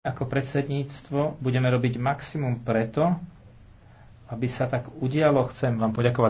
ako predsedníctvo budeme robiť maximum preto, aby sa tak udialo. Chcem vám poďakovať.